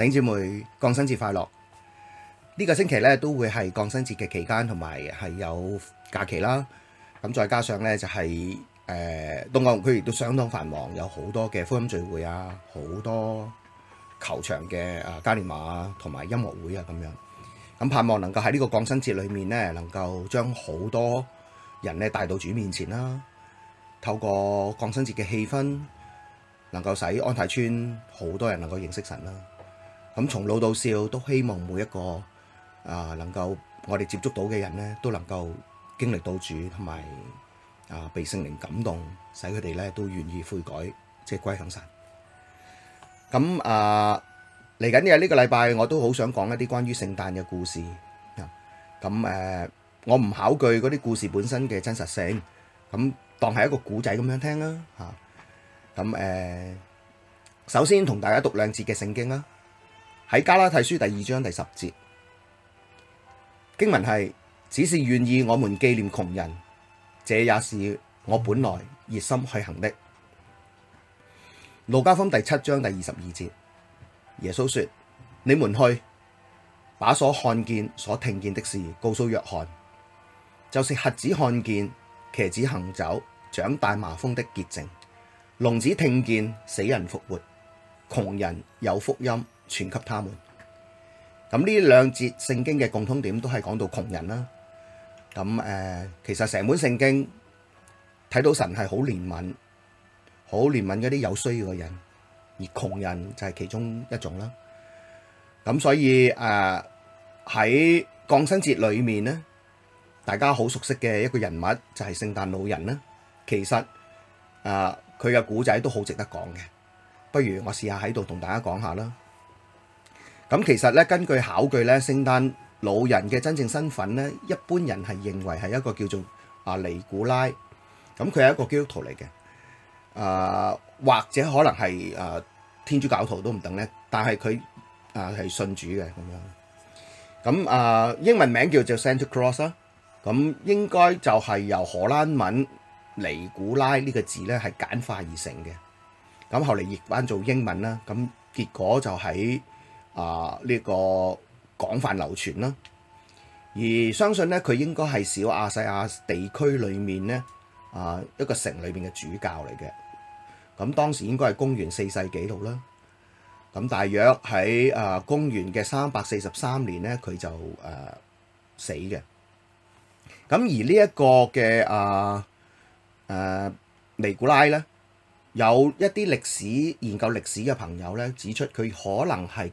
頂姐妹，降生節快樂！呢、這個星期咧都會係降生節嘅期間，同埋係有假期啦。咁再加上咧就係、是、誒，東岸區亦都相當繁忙，有好多嘅福音聚會啊，好多球場嘅啊嘉年華啊，同埋音樂會啊咁樣。咁盼望能夠喺呢個降生節裏面咧，能夠將好多人咧帶到主面前啦、啊。透過降生節嘅氣氛，能夠使安泰村好多人能夠認識神啦、啊。咁從老到少都希望每一個啊能夠我哋接觸到嘅人咧都能夠經歷到主，同埋啊被聖靈感動，使佢哋咧都願意悔改，即係歸向神。咁啊嚟緊嘅呢個禮拜，我都好想講一啲關於聖誕嘅故事啊。咁誒，我唔考據嗰啲故事本身嘅真實性，咁當係一個古仔咁樣聽啦吓。咁誒，首先同大家讀兩節嘅聖經啦。喺加拉太書第二章第十節經文係，只是願意我們紀念窮人，這也是我本來熱心去行的。路加福音第七章第二十二節，耶穌說：你們去，把所看見、所聽見的事告訴約翰，就是瞎子看見、瘸子行走、長大麻風的潔淨，聾子聽見、死人復活、窮人有福音傳給他們，咁呢兩節聖經嘅共通點都係講到窮人啦。咁誒，其實成本聖經睇到神係好憐憫，好憐憫嗰啲有需要嘅人，而窮人就係其中一種啦。咁所以誒喺降生節裏面咧，大家好熟悉嘅一個人物就係聖誕老人啦。其實誒佢嘅古仔都好值得講嘅，不如我試下喺度同大家講下啦。咁其實咧，根據考據咧，聖誕老人嘅真正身份咧，一般人係認為係一個叫做啊尼古拉，咁佢係一個基督徒嚟嘅，啊、呃、或者可能係啊、呃、天主教徒都唔定咧，但係佢啊係信主嘅咁樣。咁、呃、啊英文名叫做 Santa Claus 啊，咁應該就係由荷蘭文尼古拉呢個字咧係簡化而成嘅。咁、啊、後嚟譯翻做英文啦，咁、啊、結果就喺啊！呢、這個廣泛流傳啦，而相信呢，佢應該係小亞細亞地區裏面呢啊一個城裏面嘅主教嚟嘅。咁、啊、當時應該係公元四世紀度啦。咁、啊、大約喺啊公元嘅三百四十三年呢，佢就誒、啊、死嘅。咁、啊、而呢一個嘅啊誒、啊、尼古拉呢，有一啲歷史研究歷史嘅朋友呢指出，佢可能係。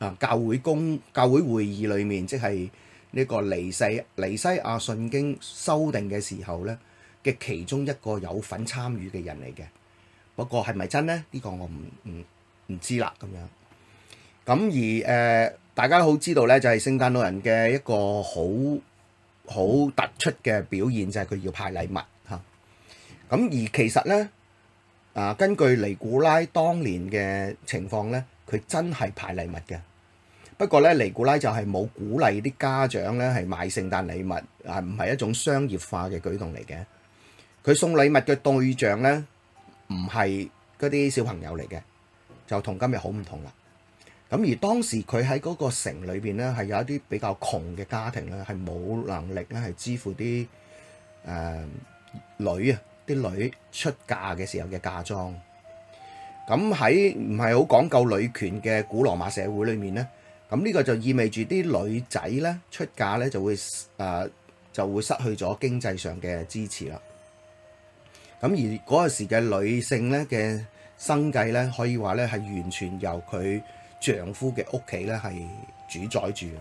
啊！教會公教會會議裏面，即係呢個尼西尼西亞信經修訂嘅時候呢嘅其中一個有份參與嘅人嚟嘅。不過係咪真呢？呢、這個我唔唔知啦咁樣。咁而誒、呃，大家都好知道呢，就係聖誕老人嘅一個好好突出嘅表現就係、是、佢要派禮物嚇。咁、啊、而其實呢、啊，根據尼古拉當年嘅情況呢，佢真係派禮物嘅。不過咧，尼古拉就係冇鼓勵啲家長咧係買聖誕禮物，係唔係一種商業化嘅舉動嚟嘅？佢送禮物嘅對象咧，唔係嗰啲小朋友嚟嘅，就同今日好唔同啦。咁而當時佢喺嗰個城裏邊咧，係有一啲比較窮嘅家庭咧，係冇能力咧係支付啲誒女啊，啲女出嫁嘅時候嘅嫁妝。咁喺唔係好講究女權嘅古羅馬社會裏面咧。咁呢個就意味住啲女仔呢出嫁呢就會誒、呃、就會失去咗經濟上嘅支持啦。咁而嗰陣時嘅女性呢嘅生計呢，可以話呢係完全由佢丈夫嘅屋企呢係主宰住嘅。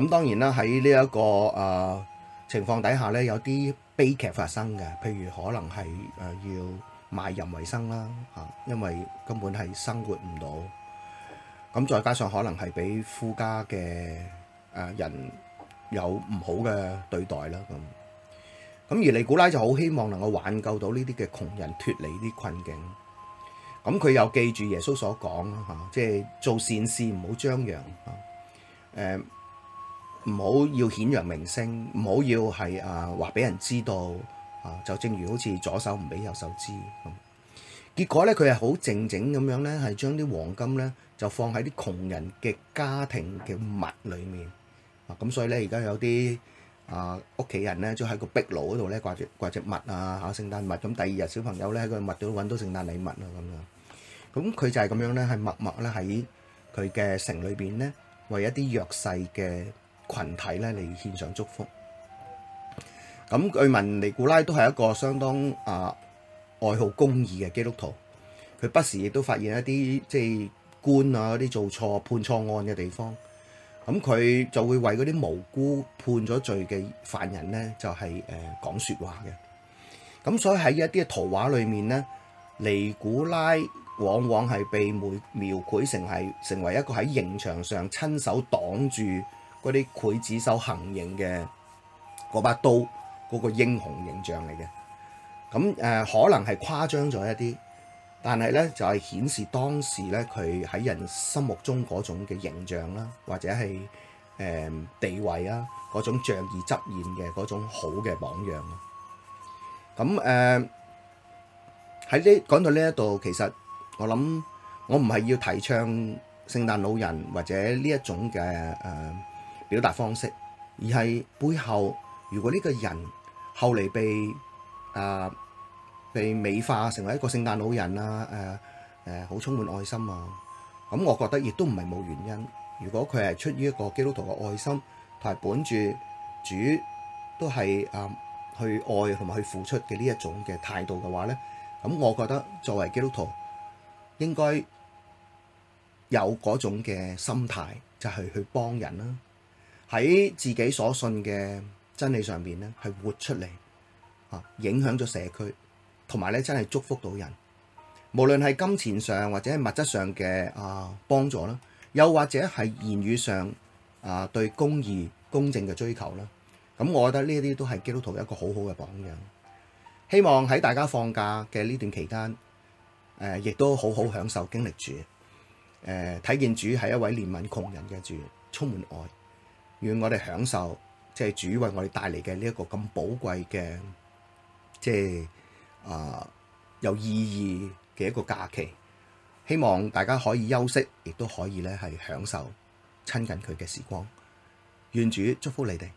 咁當然啦，喺呢一個誒、呃、情況底下呢，有啲悲劇發生嘅，譬如可能係誒要賣淫為生啦嚇，因為根本係生活唔到。咁再加上可能係俾富家嘅啊人有唔好嘅對待啦。咁咁而尼古拉就好希望能夠挽救到呢啲嘅窮人脫離啲困境。咁佢又記住耶穌所講啊，即係做善事唔好張揚，誒唔好要顯揚名聲，唔好要係啊話俾人知道啊。就正如好似左手唔俾右手知咁，啊。結果咧，佢係好靜靜咁樣咧，係將啲黃金咧。就放喺啲窮人嘅家庭嘅物裏面啊！咁所以咧，而家有啲啊屋企人咧，就喺個壁爐嗰度咧掛住掛隻物啊，吓聖誕物。咁第二日小朋友咧喺個物度揾到聖誕禮物啊咁樣。咁佢就係咁樣咧，係默默咧喺佢嘅城裏邊咧，為一啲弱勢嘅羣體咧，嚟獻上祝福。咁據聞尼古拉都係一個相當啊愛好公義嘅基督徒，佢不時亦都發現一啲即係，官啊嗰啲做錯判錯案嘅地方，咁、嗯、佢就會為嗰啲無辜判咗罪嘅犯人咧，就係誒講説話嘅。咁、嗯、所以喺一啲圖畫裏面咧，尼古拉往往係被描繪成係成為一個喺刑場上親手擋住嗰啲劊子手行刑嘅嗰把刀嗰、嗰個英雄形象嚟嘅。咁、嗯、誒、呃、可能係誇張咗一啲。但係咧，就係、是、顯示當時咧，佢喺人心目中嗰種嘅形象啦，或者係誒、呃、地位啊，嗰種仗義執言嘅嗰種好嘅榜樣咯。咁誒喺呢講到呢一度，其實我諗我唔係要提倡聖誕老人或者呢一種嘅誒、呃、表達方式，而係背後如果呢個人後嚟被啊～、呃被美化成為一個聖誕老人啊，誒、呃、誒，好、呃、充滿愛心啊！咁我覺得亦都唔係冇原因。如果佢係出於一個基督徒嘅愛心，同埋本住主都係啊、呃、去愛同埋去付出嘅呢一種嘅態度嘅話咧，咁我覺得作為基督徒應該有嗰種嘅心態，就係去幫人啦、啊，喺自己所信嘅真理上邊咧，係活出嚟啊，影響咗社區。同埋咧，真係祝福到人，無論係金錢上或者係物質上嘅啊幫助啦，又或者係言語上啊對公義、公正嘅追求啦。咁、啊嗯、我覺得呢啲都係基督徒一個好好嘅榜樣。希望喺大家放假嘅呢段期間，誒、呃、亦都好好享受經歷主，誒、呃、睇見主係一位憐憫窮人嘅主，充滿愛，願我哋享受即係主為我哋帶嚟嘅呢一個咁寶貴嘅即係。啊！有意義嘅一個假期，希望大家可以休息，亦都可以呢係享受親近佢嘅時光。願主祝福你哋。